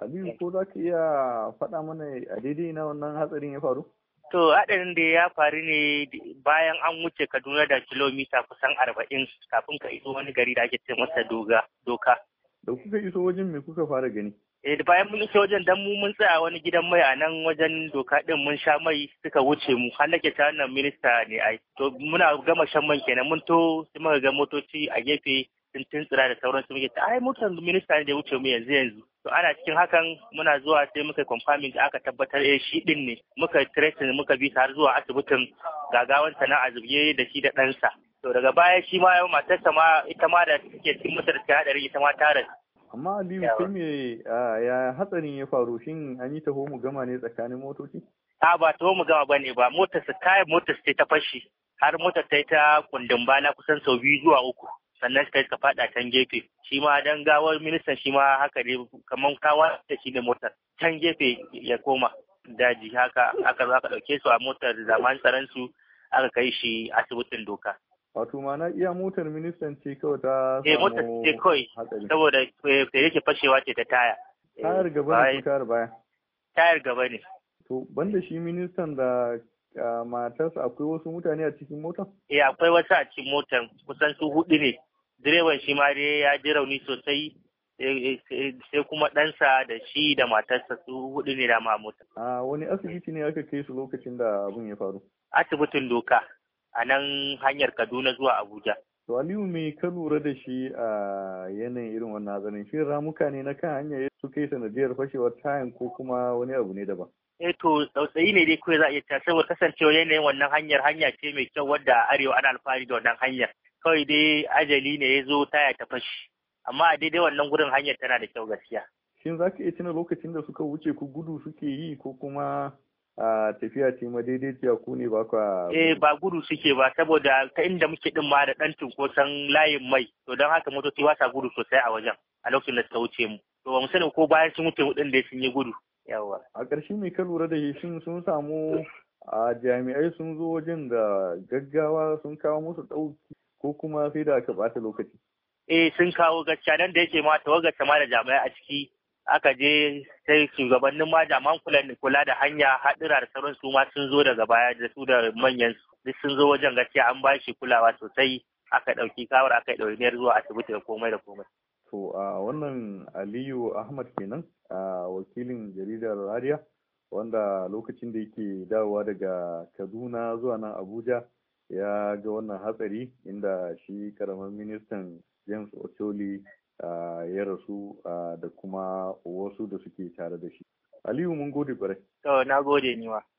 Habibu eh. ko za ka iya faɗa mana a daidai na wannan hatsarin ya faru? To haɗarin da ya faru ne bayan an wuce Kaduna da kilomita kusan arba'in kafin ka iso wani gari da ake ce masa doga doka. Da kuka iso wajen me kuka fara gani? Eh da bayan mun iso wajen dan mu mun tsaya wani gidan mai a nan wajen doka din mun sha mai suka wuce mu har nake ta nan minista ne ai. To muna gama shan man kenan mun to sai muka ga motoci a gefe sun tsira da sauran su muke ta ai motar minista ne da wuce mu yanzu yanzu. to ana cikin hakan muna zuwa sai muka confirming da aka tabbatar eh shi din ne muka ne muka bi har zuwa asibitin gagawan na azubye da shi da ɗansa to daga baya shi ma matarsa ma ita ma da take cikin mutar ta hadari ita ma ta rasu amma aliyu sai me ya hatsarin ya faru shin an yi taho mu gama ne tsakanin motoci a ba taho mu gama bane ba motar sa kayan motar ta fashi har motar ta yi ta kundin na kusan sau biyu zuwa uku sannan kai ka fada can gefe shi ma dan gawar ministan shi ma haka ne kamar kawa da shi da motar can gefe ya koma daji haka aka zo aka dauke su a motar zaman tsaron su aka kai shi asibitin doka wato mana iya motar ministan ce kawai ta eh motar ce kawai saboda fere eh, ke fashewa ce ta taya eh, tayar gaba ne tayar baya tayar gaba ne to banda shi ministan da ah, matarsa akwai wasu mutane a cikin motar? Eh akwai wasu a cikin motar kusan su hudu ne direban shi ma dai ya ji rauni sosai sai kuma ɗansa da shi da matarsa su hudu ne da mota. A wani asibiti ne aka kai su lokacin da abin ya faru? Asibitin doka a nan hanyar Kaduna zuwa Abuja. To Aliyu me ka lura da shi a yanayin irin wannan hatsarin shi ramuka ne na kan hanya su kai sanadiyar fashewar tayan ko kuma wani abu ne daban? Eh to tsautsayi ne dai kawai za a iya ta saboda kasancewa yanayin wannan hanyar hanya ce mai kyau wadda arewa ana alfahari da wannan hanyar. kawai dai ajali ne ya zo taya ta fashi amma a daidai wannan gurin hanyar tana da kyau gaskiya shin za ka iya tuna lokacin da suka wuce ku gudu suke yi ko kuma a tafiya ce ma daidai ku ne ba kwa eh ba gudu suke ba saboda ta inda muke din ma da dan cunkoson layin mai to don haka motoci ba sa gudu sosai a wajen a lokacin da suka wuce mu to ba mu sani ko bayan sun wuce hudun da sun yi gudu yawa a ƙarshe mai ka lura da shi sun samu a jami'ai sun zo wajen da gaggawa sun kawo musu ɗauki ko kuma sai da aka bata lokaci eh sun kawo gaskiya nan da yake ma tawagar ma da jami'ai a ciki aka je sai shugabannin ma jaman kula da hanya haɗura da sauran su ma sun zo daga baya da su da manyan duk sun zo wajen gaskiya an ba shi kulawa sosai aka ɗauki kawar aka ɗauki zuwa asibiti da komai da komai. To a wannan Aliyu Ahmad kenan a wakilin jaridar Rariya wanda lokacin da yake dawowa daga Kaduna zuwa nan Abuja ya ga wannan hatsari inda shi karamin ministan james ocholi ya rasu da kuma wasu da suke tare da shi aliyu mun gode bare to na gode niwa